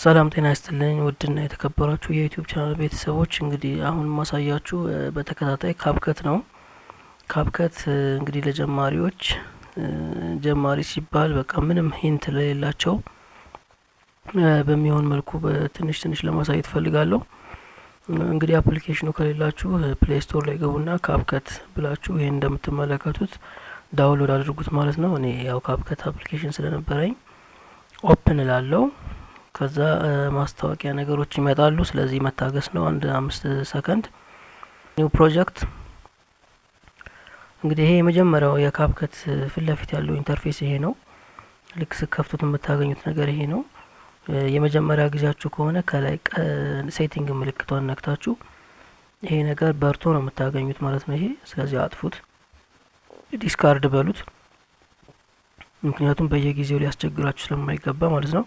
ሰላም ጤና ይስጥልኝ ውድና የተከበራችሁ የዩቲዩብ ቻናል ቤተሰቦች፣ እንግዲህ አሁን ማሳያችሁ በተከታታይ ካብከት ነው። ካብከት እንግዲህ ለጀማሪዎች ጀማሪ ሲባል በቃ ምንም ሂንት ለሌላቸው በሚሆን መልኩ በትንሽ ትንሽ ለማሳየት እፈልጋለሁ። እንግዲህ አፕሊኬሽኑ ከሌላችሁ ፕሌይ ስቶር ላይ ገቡና ካብከት ብላችሁ ይህን እንደምትመለከቱት ዳውንሎድ አድርጉት ማለት ነው። እኔ ያው ካብከት አፕሊኬሽን ስለነበረኝ ኦፕን ላለው ከዛ ማስታወቂያ ነገሮች ይመጣሉ። ስለዚህ መታገስ ነው አንድ አምስት ሰከንድ። ኒው ፕሮጀክት እንግዲህ ይሄ የመጀመሪያው የካፕከት ፊት ለፊት ያለው ኢንተርፌስ ይሄ ነው። ልክ ስከፍቱት የምታገኙት ነገር ይሄ ነው። የመጀመሪያ ጊዜያችሁ ከሆነ ከላይ ሴቲንግ ምልክቷን ነክታችሁ ይሄ ነገር በርቶ ነው የምታገኙት ማለት ነው። ይሄ ስለዚህ አጥፉት፣ ዲስካርድ በሉት። ምክንያቱም በየጊዜው ሊያስቸግራችሁ ስለማይገባ ማለት ነው።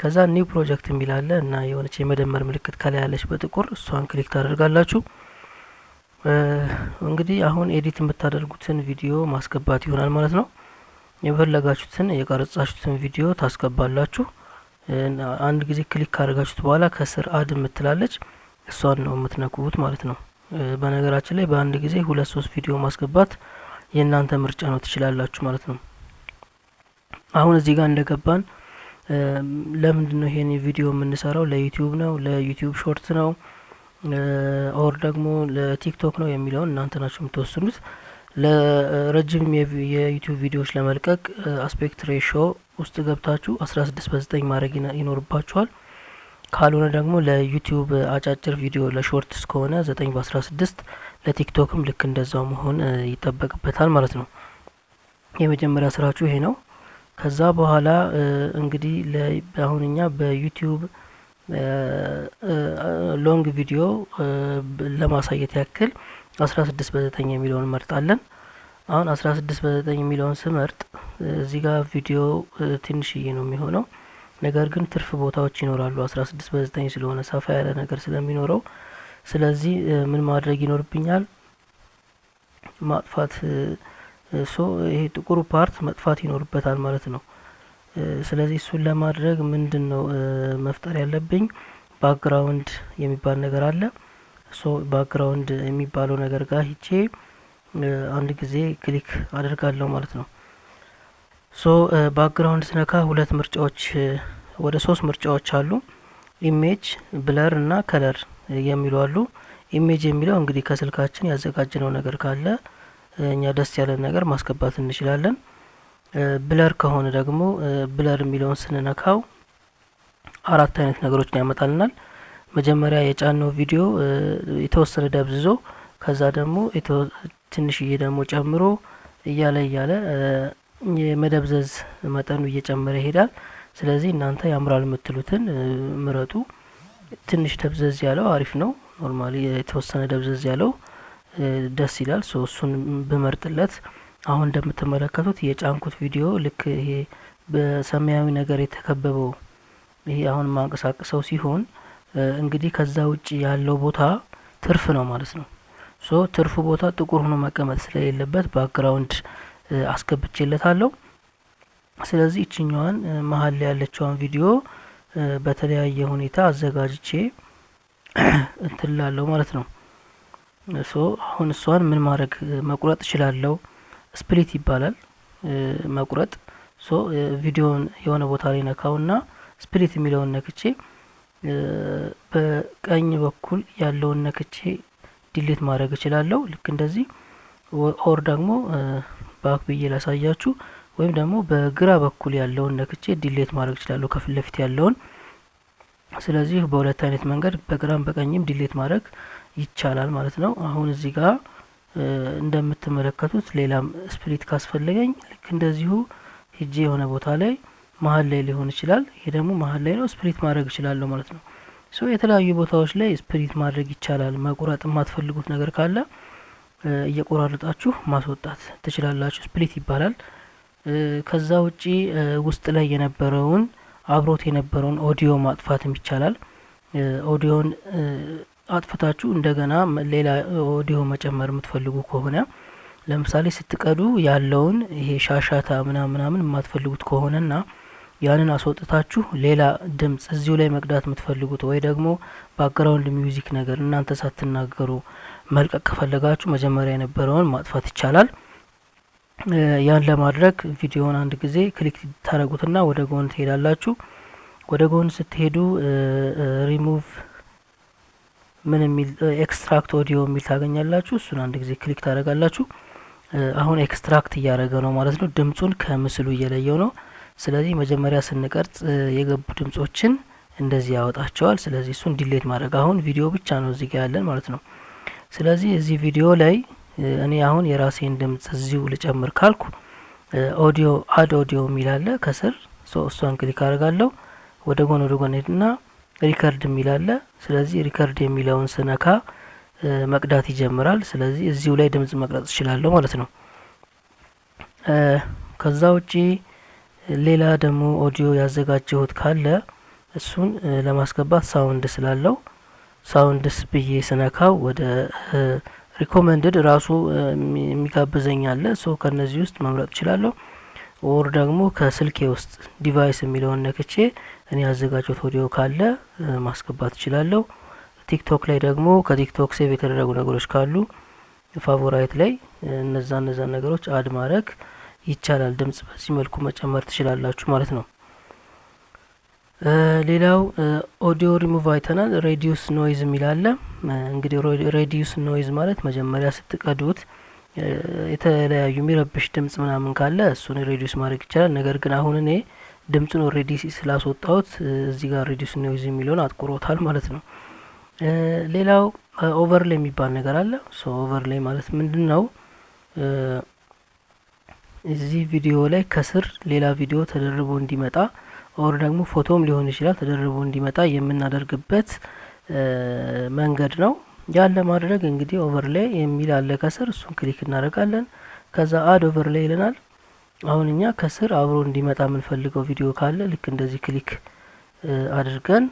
ከዛ ኒው ፕሮጀክት የሚል አለ እና የሆነች የመደመር ምልክት ከላይ ያለች በጥቁር እሷን ክሊክ ታደርጋላችሁ። እንግዲህ አሁን ኤዲት የምታደርጉትን ቪዲዮ ማስገባት ይሆናል ማለት ነው። የፈለጋችሁትን የቀረጻችሁትን ቪዲዮ ታስገባላችሁ። አንድ ጊዜ ክሊክ ካደረጋችሁት በኋላ ከስር አድ የምትላለች እሷን ነው የምትነኩት ማለት ነው። በነገራችን ላይ በአንድ ጊዜ ሁለት ሶስት ቪዲዮ ማስገባት የእናንተ ምርጫ ነው፣ ትችላላችሁ ማለት ነው። አሁን እዚህ ጋር እንደገባን ለምንድን ነው ይሄን ቪዲዮ የምንሰራው? ለዩቲዩብ ነው፣ ለዩቲዩብ ሾርት ነው ኦር ደግሞ ለቲክቶክ ነው የሚለውን እናንተ ናቸው የምትወስኑት። ለረጅም የዩቲዩብ ቪዲዮዎች ለመልቀቅ አስፔክት ሬሾ ውስጥ ገብታችሁ አስራ ስድስት በዘጠኝ ማድረግ ይኖርባችኋል። ካልሆነ ደግሞ ለዩቲዩብ አጫጭር ቪዲዮ ለሾርትስ ከሆነ ዘጠኝ በአስራ ስድስት ለቲክቶክም ልክ እንደዛው መሆን ይጠበቅበታል ማለት ነው። የመጀመሪያ ስራችሁ ይሄ ነው። ከዛ በኋላ እንግዲህ አሁን በዩቲዩብ ሎንግ ቪዲዮ ለማሳየት ያክል 16 በ9 የሚለውን መርጣለን። አሁን 16 በ9 የሚለውን ስመርጥ እዚህ ጋር ቪዲዮ ትንሽዬ ነው የሚሆነው። ነገር ግን ትርፍ ቦታዎች ይኖራሉ 16 በ9 ስለሆነ ሰፋ ያለ ነገር ስለሚኖረው፣ ስለዚህ ምን ማድረግ ይኖርብኛል ማጥፋት ሶ ይሄ ጥቁሩ ፓርት መጥፋት ይኖርበታል ማለት ነው። ስለዚህ እሱን ለማድረግ ምንድን ነው መፍጠር ያለብኝ ባክግራውንድ የሚባል ነገር አለ። ሶ ባክግራውንድ የሚባለው ነገር ጋር ሂቼ አንድ ጊዜ ክሊክ አድርጋለሁ ማለት ነው። ሶ ባክግራውንድ ስነካ ሁለት ምርጫዎች ወደ ሶስት ምርጫዎች አሉ። ኢሜጅ፣ ብለር እና ከለር የሚሉ አሉ። ኢሜጅ የሚለው እንግዲህ ከስልካችን ያዘጋጅነው ነገር ካለ እኛ ደስ ያለን ነገር ማስገባት እንችላለን። ብለር ከሆነ ደግሞ ብለር የሚለውን ስንነካው አራት አይነት ነገሮችን ያመጣልናል። መጀመሪያ የጫነው ቪዲዮ የተወሰነ ደብዝዞ ከዛ ደግሞ ትንሽዬ ደግሞ ጨምሮ እያለ እያለ የመደብዘዝ መጠኑ እየጨመረ ይሄዳል። ስለዚህ እናንተ ያምራል የምትሉትን ምረጡ። ትንሽ ደብዘዝ ያለው አሪፍ ነው። ኖርማሊ የተወሰነ ደብዘዝ ያለው ደስ ይላል። ሶ እሱን ብመርጥለት አሁን እንደምትመለከቱት የጫንኩት ቪዲዮ ልክ ይሄ በሰማያዊ ነገር የተከበበው ይሄ አሁን ማንቀሳቀሰው ሲሆን እንግዲህ ከዛ ውጭ ያለው ቦታ ትርፍ ነው ማለት ነው። ሶ ትርፉ ቦታ ጥቁር ሆኖ መቀመጥ ስለሌለበት ባክግራውንድ አስገብቼለታለሁ። ስለዚህ እችኛዋን መሀል ያለችዋን ቪዲዮ በተለያየ ሁኔታ አዘጋጅቼ እንትላለሁ ማለት ነው። ሶ አሁን እሷን ምን ማድረግ መቁረጥ እችላለሁ። ስፕሊት ይባላል መቁረጥ። ሶ ቪዲዮን የሆነ ቦታ ላይ ነካውና ስፕሊት የሚለውን ነክቼ በቀኝ በኩል ያለውን ነክቼ ዲሌት ማድረግ እችላለሁ። ልክ እንደዚህ ኦር ደግሞ ባክ ብዬ ላሳያችሁ ወይም ደግሞ በግራ በኩል ያለውን ነክቼ ዲሌት ማድረግ እችላለሁ ከፊት ለፊት ያለውን ስለዚህ በሁለት አይነት መንገድ በግራም በቀኝም ዲሌት ማድረግ ይቻላል ማለት ነው። አሁን እዚህ ጋር እንደምትመለከቱት ሌላም ስፕሊት ካስፈለገኝ ልክ እንደዚሁ ሂጄ የሆነ ቦታ ላይ መሀል ላይ ሊሆን ይችላል። ይሄ ደግሞ መሀል ላይ ነው ስፕሊት ማድረግ እችላለሁ ማለት ነው። ሶ የተለያዩ ቦታዎች ላይ ስፕሊት ማድረግ ይቻላል። መቁረጥ የማትፈልጉት ነገር ካለ እየቆራረጣችሁ ማስወጣት ትችላላችሁ። ስፕሊት ይባላል። ከዛ ውጪ ውስጥ ላይ የነበረውን አብሮት የነበረውን ኦዲዮ ማጥፋትም ይቻላል። ኦዲዮን አጥፍታችሁ እንደገና ሌላ ኦዲዮ መጨመር የምትፈልጉ ከሆነ ለምሳሌ ስትቀዱ ያለውን ይሄ ሻሻታ ምናምን ምናምን የማትፈልጉት ከሆነና ያንን አስወጥታችሁ ሌላ ድምጽ እዚሁ ላይ መቅዳት የምትፈልጉት ወይ ደግሞ ባክግራውንድ ሚውዚክ ነገር እናንተ ሳትናገሩ መልቀቅ ከፈለጋችሁ መጀመሪያ የነበረውን ማጥፋት ይቻላል። ያን ለማድረግ ቪዲዮውን አንድ ጊዜ ክሊክ ታደረጉትና ወደ ጎን ትሄዳላችሁ። ወደ ጎን ስትሄዱ ሪሙቭ ምን የሚል ኤክስትራክት ኦዲዮ የሚል ታገኛላችሁ። እሱን አንድ ጊዜ ክሊክ ታደረጋላችሁ። አሁን ኤክስትራክት እያደረገ ነው ማለት ነው። ድምጹን ከምስሉ እየለየው ነው። ስለዚህ መጀመሪያ ስንቀርጽ የገቡ ድምጾችን እንደዚህ ያወጣቸዋል። ስለዚህ እሱን ዲሌት ማድረግ አሁን ቪዲዮ ብቻ ነው እዚህ ጋር ያለን ማለት ነው። ስለዚህ እዚህ ቪዲዮ ላይ እኔ አሁን የራሴን ድምጽ እዚሁ ልጨምር ካልኩ ኦዲዮ አድ ኦዲዮ የሚላለ ከስር እሷን ክሊክ አድርጋለሁ። ወደ ጎን ወደ ጎን ሄድና ሪከርድ የሚላለ ስለዚህ ሪከርድ የሚለውን ስነካ መቅዳት ይጀምራል። ስለዚህ እዚሁ ላይ ድምጽ መቅረጽ እችላለሁ ማለት ነው። ከዛ ውጪ ሌላ ደግሞ ኦዲዮ ያዘጋጀሁት ካለ እሱን ለማስገባት ሳውንድ ስላለው ሳውንድስ ብዬ ስነካው ወደ ሪኮመንድድ ራሱ የሚጋብዘኝ አለ። ሶ ከነዚህ ውስጥ መምረጥ እችላለሁ። ኦር ደግሞ ከስልኬ ውስጥ ዲቫይስ የሚለውን ነክቼ እኔ ያዘጋጀሁት ኦዲዮ ካለ ማስገባት እችላለሁ። ቲክቶክ ላይ ደግሞ ከቲክቶክ ሴቭ የተደረጉ ነገሮች ካሉ ፋቮራይት ላይ እነዛ እነዛን ነገሮች አድ ማድረግ ይቻላል። ድምጽ በዚህ መልኩ መጨመር ትችላላችሁ ማለት ነው። ሌላው ኦዲዮ ሪሙቭ አይተናል። ሬዲዩስ ኖይዝ የሚላለ እንግዲህ ሬዲዩስ ኖይዝ ማለት መጀመሪያ ስትቀዱት የተለያዩ የሚረብሽ ድምጽ ምናምን ካለ እሱን ሬዲዩስ ማድረግ ይቻላል። ነገር ግን አሁን እኔ ድምጹን ኦልሬዲ ስላስወጣሁት እዚህ ጋር ሬዲዩስ ኖይዝ የሚለውን አጥቁሮታል ማለት ነው። ሌላው ኦቨርላይ የሚባል ነገር አለ። ሶ ኦቨርላይ ማለት ምንድን ነው? እዚህ ቪዲዮ ላይ ከስር ሌላ ቪዲዮ ተደርቦ እንዲመጣ ኦር ደግሞ ፎቶም ሊሆን ይችላል ተደርቦ እንዲመጣ የምናደርግበት መንገድ ነው። ያን ለማድረግ እንግዲህ ኦቨርላይ የሚል አለ ከስር እሱን ክሊክ እናደርጋለን። ከዛ አድ ኦቨርላይ ይለናል። አሁን እኛ ከስር አብሮ እንዲመጣ የምንፈልገው ቪዲዮ ካለ ልክ እንደዚህ ክሊክ አድርገን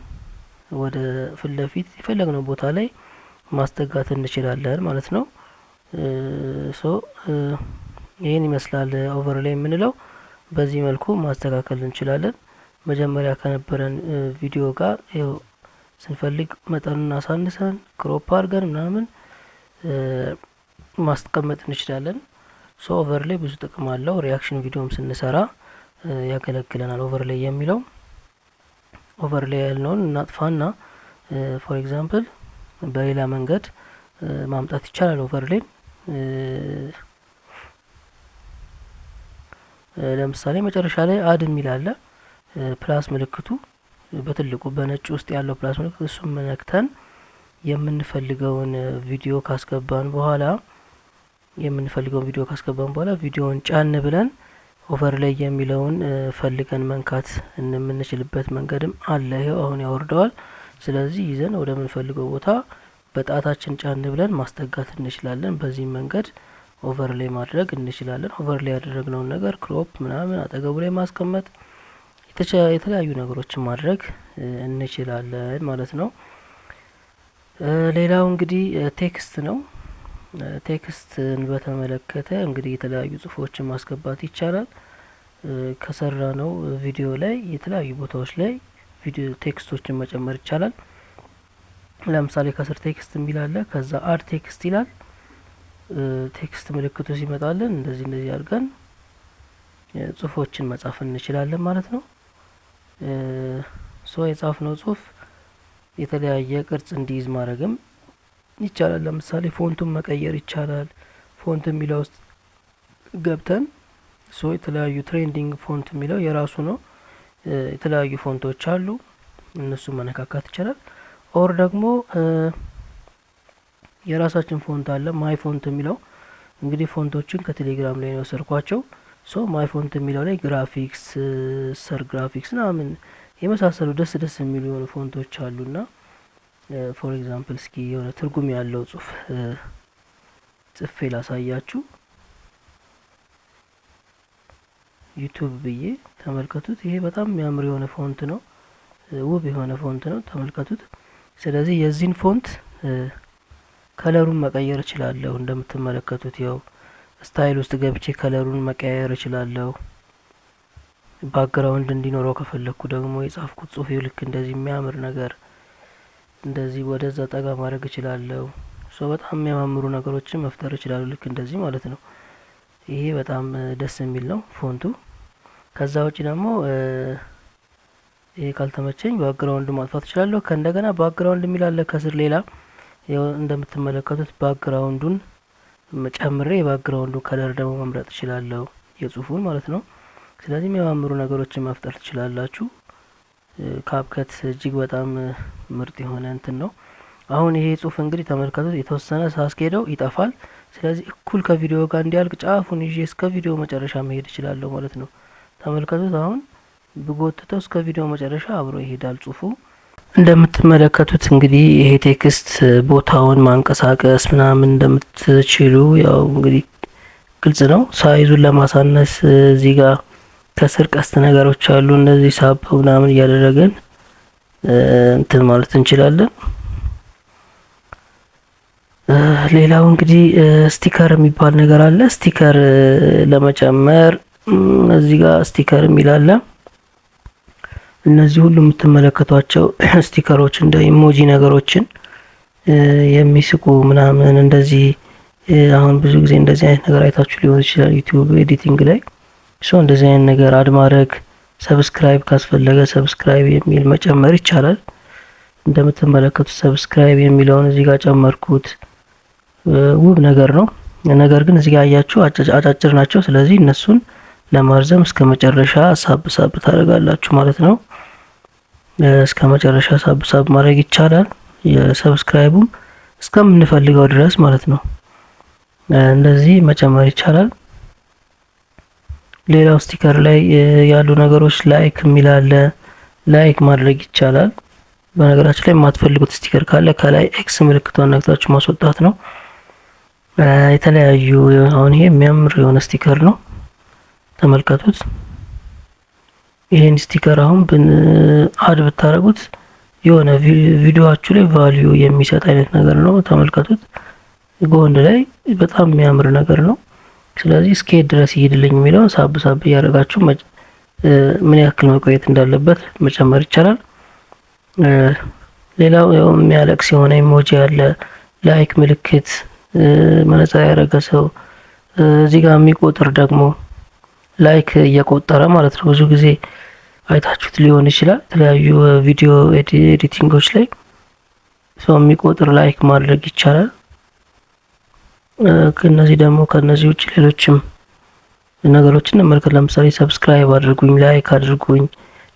ወደ ፊት ለፊት የፈለግነው ቦታ ላይ ማስጠጋት እንችላለን ማለት ነው። ሶ ይህን ይመስላል ኦቨርላይ የምንለው። በዚህ መልኩ ማስተካከል እንችላለን። መጀመሪያ ከነበረን ቪዲዮ ጋር ይኸው ስንፈልግ መጠኑን አሳንሰን ክሮፕ አድርገን ምናምን ማስቀመጥ እንችላለን። ሶ ኦቨርላይ ብዙ ጥቅም አለው። ሪያክሽን ቪዲዮም ስንሰራ ያገለግለናል። ኦቨርላይ የሚለው ኦቨርላይ ያልነውን እናጥፋና ፎር ኤግዛምፕል በሌላ መንገድ ማምጣት ይቻላል። ኦቨርሌይን ለምሳሌ መጨረሻ ላይ አድ የሚል አለ ፕላስ ምልክቱ በትልቁ በነጭ ውስጥ ያለው ፕላስ ምልክት እሱም ነክተን የምንፈልገውን ቪዲዮ ካስገባን በኋላ የምንፈልገውን ቪዲዮ ካስገባን በኋላ ቪዲዮውን ጫን ብለን ኦቨር ላይ የሚለውን ፈልገን መንካት የምንችልበት መንገድም አለ። ይኸው አሁን ያወርደዋል። ስለዚህ ይዘን ወደ ምንፈልገው ቦታ በጣታችን ጫን ብለን ማስጠጋት እንችላለን። በዚህ መንገድ ኦቨር ላይ ማድረግ እንችላለን። ኦቨር ላይ ያደረግነውን ነገር ክሮፕ ምናምን አጠገቡ ላይ ማስቀመጥ የተለያዩ ነገሮችን ማድረግ እንችላለን ማለት ነው። ሌላው እንግዲህ ቴክስት ነው። ቴክስትን በተመለከተ እንግዲህ የተለያዩ ጽሁፎችን ማስገባት ይቻላል። ከሰራ ነው ቪዲዮ ላይ የተለያዩ ቦታዎች ላይ ቪዲዮ ቴክስቶችን መጨመር ይቻላል። ለምሳሌ ከስር ቴክስት የሚል አለ። ከዛ አድ ቴክስት ይላል። ቴክስት ምልክቱ ሲመጣልን እንደዚህ እንደዚህ አድርገን ጽሁፎችን መጻፍ እንችላለን ማለት ነው። ሶ የጻፍነው ጽሁፍ የተለያየ ቅርጽ እንዲይዝ ማድረግም ይቻላል። ለምሳሌ ፎንቱን መቀየር ይቻላል። ፎንት የሚለው ውስጥ ገብተን ሶ የተለያዩ ትሬንዲንግ ፎንት የሚለው የራሱ ነው። የተለያዩ ፎንቶች አሉ። እነሱ መነካካት ይቻላል። ኦር ደግሞ የራሳችን ፎንት አለ ማይ ፎንት የሚለው እንግዲህ ፎንቶችን ከቴሌግራም ላይ ነው የወሰድኳቸው። ሶ ማይ ፎንት የሚለው ላይ ግራፊክስ ሰር ግራፊክስ ምናምን የመሳሰሉ ደስ ደስ የሚሉ የሆኑ ፎንቶች ና ፎር ኤግዛምፕል እስኪ የሆነ ትርጉም ያለው ጽሁፍ uh, ጽፌ ላሳያችሁ። ዩቱብ ብዬ ተመልከቱት። ይሄ በጣም የሚያምር የሆነ ፎንት ነው፣ uh, ውብ የሆነ ፎንት ነው። ተመልከቱት። ስለዚህ የዚህን ፎንት ከለሩን uh, መቀየር እችላለሁ። እንደምትመለከቱት ያው ስታይል ውስጥ ገብቼ ከለሩን መቀያየር እችላለሁ። ባክግራውንድ እንዲኖረው ከፈለግኩ ደግሞ የጻፍኩት ጽሁፌ ልክ እንደዚህ የሚያምር ነገር እንደዚህ ወደዛ ጠጋ ማድረግ እችላለሁ። ሶ በጣም የሚያማምሩ ነገሮችን መፍጠር እችላለሁ ልክ እንደዚህ ማለት ነው። ይሄ በጣም ደስ የሚል ነው ፎንቱ። ከዛ ውጭ ደግሞ ይሄ ካልተመቸኝ ባክግራውንድ ማጥፋት እችላለሁ። ከእንደገና ባክግራውንድ የሚላለ ከስር ሌላ እንደምትመለከቱት ባክግራውንዱን ጨምሬ የባክግራውንዱ ከለር ደግሞ መምረጥ እችላለሁ የጽሁፉን ማለት ነው። ስለዚህ የሚያማምሩ ነገሮችን መፍጠር ትችላላችሁ። ካፕከት እጅግ በጣም ምርጥ የሆነ እንትን ነው። አሁን ይሄ ጽሁፍ እንግዲህ ተመልከቱት የተወሰነ ሳስኬደው ይጠፋል። ስለዚህ እኩል ከቪዲዮ ጋር እንዲያልቅ ጫፉን ይዤ እስከ ቪዲዮ መጨረሻ መሄድ እችላለሁ ማለት ነው። ተመልከቱት አሁን ብጎትተው እስከ ቪዲዮ መጨረሻ አብሮ ይሄዳል ጽሁፉ። እንደምትመለከቱት እንግዲህ ይሄ ቴክስት ቦታውን ማንቀሳቀስ ምናምን እንደምትችሉ ያው እንግዲህ ግልጽ ነው። ሳይዙን ለማሳነስ እዚህ ጋር ከስር ቀስት ነገሮች አሉ። እነዚህ ሳብ ምናምን እያደረገን እንትን ማለት እንችላለን። ሌላው እንግዲህ ስቲከር የሚባል ነገር አለ። ስቲከር ለመጨመር እዚህ ጋር ስቲከር የሚላለ እነዚህ ሁሉ የምትመለከቷቸው ስቲከሮች እንደ ኢሞጂ ነገሮችን የሚስቁ ምናምን እንደዚህ አሁን ብዙ ጊዜ እንደዚህ አይነት ነገር አይታችሁ ሊሆን ይችላል ዩቲዩብ ኤዲቲንግ ላይ ሶ እንደዚህ አይነት ነገር አድ ማድረግ ሰብስክራይብ ካስፈለገ ሰብስክራይብ የሚል መጨመር ይቻላል። እንደምትመለከቱት ሰብስክራይብ የሚለውን እዚህ ጋር ጨመርኩት። ውብ ነገር ነው። ነገር ግን እዚህ ጋር ያያችሁ አጫጭር ናቸው። ስለዚህ እነሱን ለማርዘም እስከ መጨረሻ ሳብ ሳብ ታደርጋላችሁ ማለት ነው። እስከ መጨረሻ ሳብሳብ ማድረግ ይቻላል። የሰብስክራይቡም እስከምንፈልገው ድረስ ማለት ነው። እንደዚህ መጨመር ይቻላል። ሌላው ስቲከር ላይ ያሉ ነገሮች ላይክ የሚላለ ላይክ ማድረግ ይቻላል። በነገራችን ላይ የማትፈልጉት ስቲከር ካለ ከላይ ኤክስ ምልክቷን ነግታችሁ ማስወጣት ነው። የተለያዩ አሁን ይሄ የሚያምር የሆነ ስቲከር ነው። ተመልከቱት። ይሄን ስቲከር አሁን ብን አድ ብታረጉት የሆነ ቪዲዮአችሁ ላይ ቫልዩ የሚሰጥ አይነት ነገር ነው። ተመልከቱት። ጎንድ ላይ በጣም የሚያምር ነገር ነው። ስለዚህ እስከሄድ ድረስ ይሄድልኝ የሚለውን ሳብ ሳብ እያደረጋችሁ ምን ያክል መቆየት እንዳለበት መጨመር ይቻላል። ሌላው ያው የሚያለቅስ የሆነ ኢሞጂ ያለ ላይክ ምልክት፣ መነጽር ያደረገ ሰው እዚህ ጋር የሚቆጥር ደግሞ ላይክ እየቆጠረ ማለት ነው ብዙ ጊዜ አይታችሁት ሊሆን ይችላል። የተለያዩ ቪዲዮ ኤዲቲንጎች ላይ ሰው የሚቆጥር ላይክ ማድረግ ይቻላል። ከነዚህ ደግሞ ከነዚህ ውጭ ሌሎችም ነገሮችን እንመልከት። ለምሳሌ ሰብስክራይብ አድርጉኝ፣ ላይክ አድርጉኝ፣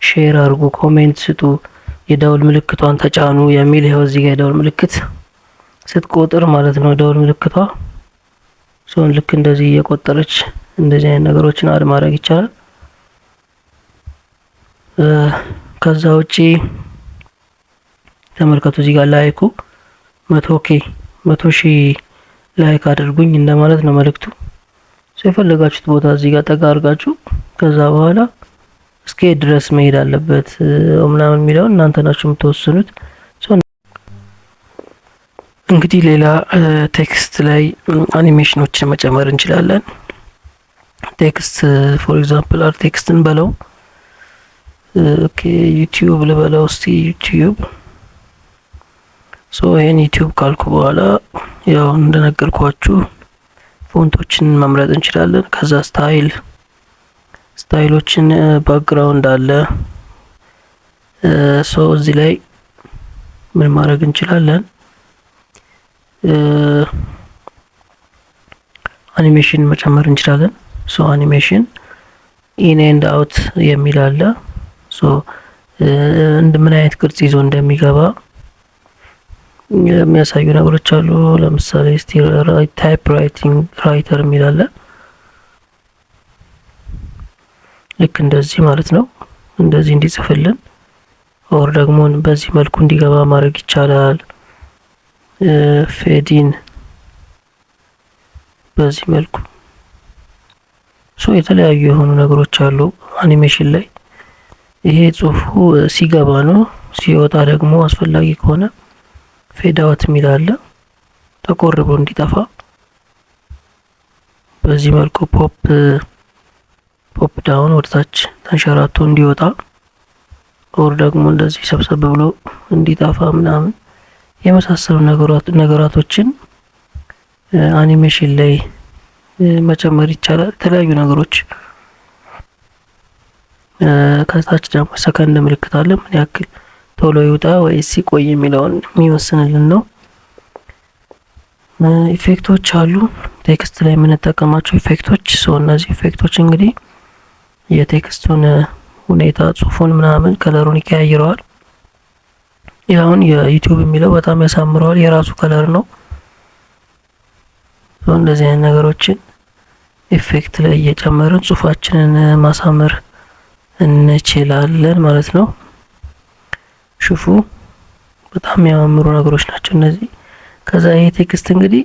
ሼር አድርጉ፣ ኮሜንት ስጡ፣ የደውል ምልክቷን ተጫኑ የሚል ይኸው እዚህ ጋር የደውል ምልክት ስትቆጥር ማለት ነው። ደውል ምልክቷ ሰውን ልክ እንደዚህ እየቆጠረች እንደዚህ አይነት ነገሮችን አድ ማድረግ ይቻላል። ከዛ ውጪ ተመልከቱ እዚህ ጋር ላይኩ መቶ ኬ መቶ ሺህ ላይክ አድርጉኝ እንደማለት ነው መልእክቱ። የፈለጋችሁት ቦታ እዚህ ጋር ጠጋ አድርጋችሁ ከዛ በኋላ እስከ ድረስ መሄድ አለበት ምናምን የሚለውን እናንተ ናችሁ የምትወስኑት። እንግዲህ ሌላ ቴክስት ላይ አኒሜሽኖችን መጨመር እንችላለን። ቴክስት ፎር ኤግዛምፕል አር ቴክስትን በለው ኦኬ ዩቲዩብ ልበለው እስቲ ዩቲዩብ ሶ ይሄን ዩቲዩብ ካልኩ በኋላ ያው እንደነገርኳችሁ ፎንቶችን መምረጥ እንችላለን። ከዛ ስታይል ስታይሎችን ባክግራውንድ አለ። ሶ እዚህ ላይ ምን ማድረግ እንችላለን? አኒሜሽን መጨመር እንችላለን። ሶ አኒሜሽን ኢን ኤንድ አውት የሚል አለ። ምን አይነት ቅርጽ ይዞ እንደሚገባ የሚያሳዩ ነገሮች አሉ። ለምሳሌ ታይፕ ራይቲንግ ራይተር የሚላለ ልክ እንደዚህ ማለት ነው። እንደዚህ እንዲጽፍልን ኦር ደግሞ በዚህ መልኩ እንዲገባ ማድረግ ይቻላል። ፌዲን በዚህ መልኩ ሶ የተለያዩ የሆኑ ነገሮች አሉ አኒሜሽን ላይ ይሄ ጽሁፉ ሲገባ ነው። ሲወጣ ደግሞ አስፈላጊ ከሆነ ፌዳውት የሚል አለ ጠቆር ብሎ እንዲጠፋ። በዚህ መልኩ ፖፕ ፖፕ ዳውን ወደታች ተንሸራቶ እንዲወጣ ኦር ደግሞ እንደዚህ ሰብሰብ ብሎ እንዲጠፋ ምናምን የመሳሰሉ ነገራቶችን አኒሜሽን ላይ መጨመር ይቻላል። የተለያዩ ነገሮች ከታች ደግሞ ሰከንድ ምልክት አለ። ምን ያክል ቶሎ ይውጣ ወይስ ሲቆይ የሚለውን የሚወስንልን ነው። ኢፌክቶች አሉ። ቴክስት ላይ የምንጠቀማቸው ኢፌክቶች ሰው እነዚህ ኢፌክቶች እንግዲህ የቴክስቱን ሁኔታ ጽሁፉን ምናምን ከለሩን ይቀያይረዋል። ያሁን የዩቲዩብ የሚለው በጣም ያሳምረዋል። የራሱ ከለር ነው። እንደዚህ አይነት ነገሮችን ኢፌክት ላይ እየጨመርን ጽሁፋችንን ማሳመር እንችላለን ማለት ነው። ሹፉ በጣም የሚያማምሩ ነገሮች ናቸው እነዚህ። ከዛ ይሄ ቴክስት እንግዲህ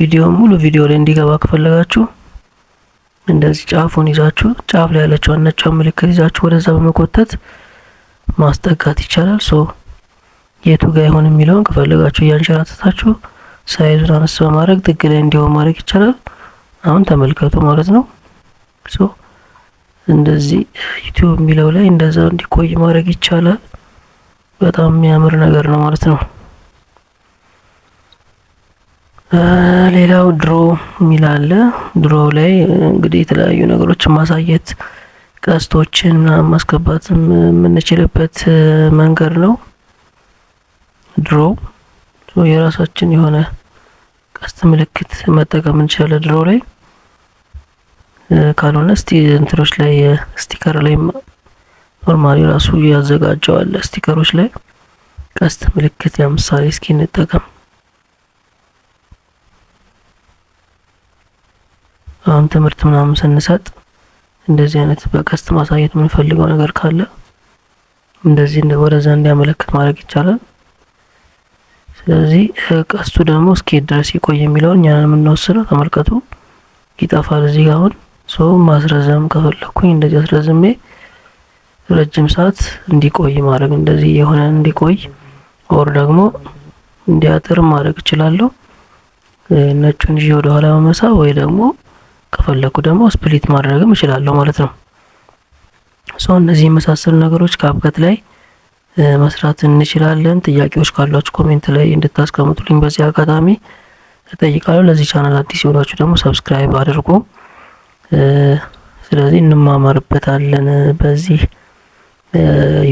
ቪዲዮ ሙሉ ቪዲዮ ላይ እንዲገባ ከፈለጋችሁ እንደዚህ ጫፉን ይዛችሁ ጫፍ ላይ ያለችው ነጫውን ምልክት ይዛችሁ ወደዛ በመቆተት ማስጠጋት ይቻላል። ሶ የቱ ጋር ይሆን የሚለውን ከፈለጋችሁ እያንሸራተታችሁ ሳይዙን አነስ በማድረግ ጥግ ላይ እንዲሆን ማድረግ ይቻላል። አሁን ተመልከቱ ማለት ነው ሶ እንደዚህ ዩቲዩብ የሚለው ላይ እንደዛ እንዲቆይ ማድረግ ይቻላል። በጣም የሚያምር ነገር ነው ማለት ነው። ሌላው ድሮ የሚል አለ። ድሮ ላይ እንግዲህ የተለያዩ ነገሮችን ማሳየት ቀስቶችን ምናምን ማስገባት የምንችልበት መንገድ ነው። ድሮ የራሳችን የሆነ ቀስት ምልክት መጠቀም እንችላለን ድሮ ላይ ካልሆነ እስቲ እንትኖች ላይ ስቲከር ላይ ኖርማሊ ራሱ ያዘጋጀዋል። ስቲከሮች ላይ ቀስት ምልክት ለምሳሌ እስኪ እንጠቀም። አሁን ትምህርት ምናምን ስንሰጥ እንደዚህ አይነት በቀስት ማሳየት የምንፈልገው ነገር ካለ እንደዚህ ወደዛ እንዲያመለክት ማድረግ ይቻላል። ስለዚህ ቀስቱ ደግሞ እስኪ ድረስ ይቆይ የሚለውን እኛን የምንወስነው ተመልከቱ፣ ይጠፋል እዚህ አሁን ሶ ማስረዘም ከፈለኩኝ እንደዚህ አስረዝሜ ረጅም ሰዓት እንዲቆይ ማድረግ እንደዚህ የሆነ እንዲቆይ ኦር ደግሞ እንዲያጥር ማድረግ እችላለሁ። ነጩን ይዤ ወደ ኋላ መመሳ ወይ ደግሞ ከፈለኩ ደግሞ ስፕሊት ማድረግም እችላለሁ ማለት ነው። ሶ እነዚህ የመሳሰሉ ነገሮች ካፕከት ላይ መስራት እንችላለን። ጥያቄዎች ካሏችሁ ኮሜንት ላይ እንድታስቀምጡልኝ በዚህ አጋጣሚ እጠይቃለሁ። ለዚህ ቻናል አዲስ የሆናችሁ ደግሞ ሰብስክራይብ አድርጉ። ስለዚህ እንማማርበታለን። በዚህ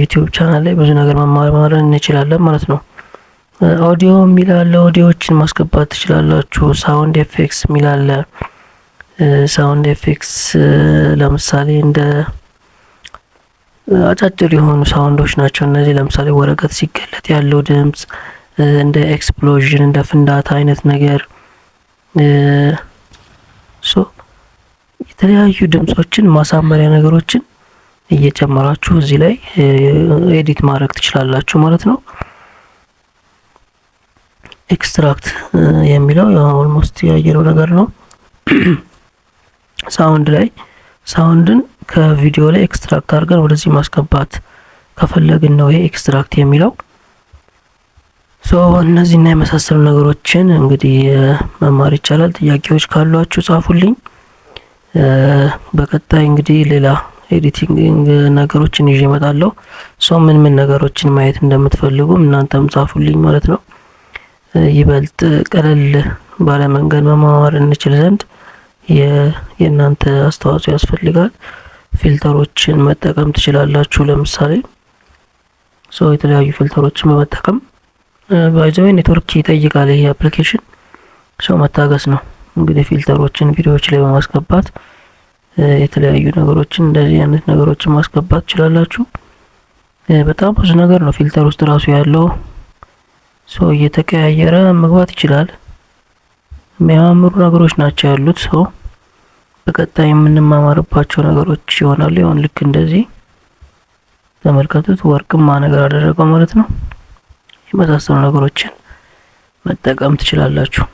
ዩቲዩብ ቻናል ላይ ብዙ ነገር መማማር እንችላለን ማለት ነው። ኦዲዮ የሚላለ ኦዲዮዎችን ማስገባት ትችላላችሁ። ሳውንድ ኤፌክስ የሚላለ ሳውንድ ኤፌክስ ለምሳሌ እንደ አጫጭር የሆኑ ሳውንዶች ናቸው እነዚህ። ለምሳሌ ወረቀት ሲገለጥ ያለው ድምፅ እንደ ኤክስፕሎዥን እንደ ፍንዳታ አይነት ነገር የተለያዩ ድምጾችን ማሳመሪያ ነገሮችን እየጨመራችሁ እዚህ ላይ ኤዲት ማድረግ ትችላላችሁ ማለት ነው። ኤክስትራክት የሚለው ኦልሞስት ያየነው ነገር ነው። ሳውንድ ላይ ሳውንድን ከቪዲዮ ላይ ኤክስትራክት አድርገን ወደዚህ ማስገባት ከፈለግን ነው ይሄ ኤክስትራክት የሚለው። ሶ እነዚህና የመሳሰሉ ነገሮችን እንግዲህ መማር ይቻላል። ጥያቄዎች ካሏችሁ ጻፉልኝ። በቀጣይ እንግዲህ ሌላ ኤዲቲንግ ነገሮችን ይዤ እመጣለሁ። ሰው ምን ምን ነገሮችን ማየት እንደምትፈልጉ እናንተም ጻፉልኝ ማለት ነው። ይበልጥ ቀለል ባለ መንገድ መማማር እንችል ዘንድ የእናንተ አስተዋጽኦ ያስፈልጋል። ፊልተሮችን መጠቀም ትችላላችሁ። ለምሳሌ ሰው የተለያዩ ፊልተሮችን በመጠቀም ባይዘወይ ኔትወርክ ይጠይቃል ይሄ አፕሊኬሽን ሰው መታገስ ነው። እንግዲህ ፊልተሮችን ቪዲዮዎች ላይ በማስገባት የተለያዩ ነገሮችን እንደዚህ አይነት ነገሮችን ማስገባት ትችላላችሁ። በጣም ብዙ ነገር ነው ፊልተር ውስጥ ራሱ ያለው ሰው እየተቀያየረ መግባት ይችላል። የሚያማምሩ ነገሮች ናቸው ያሉት ሰው በቀጣይ የምንማማርባቸው ነገሮች ይሆናሉ። ይሁን ልክ እንደዚህ ተመልከቱት። ወርቅማ ነገር አደረገው ማለት ነው። የመሳሰሉ ነገሮችን መጠቀም ትችላላችሁ።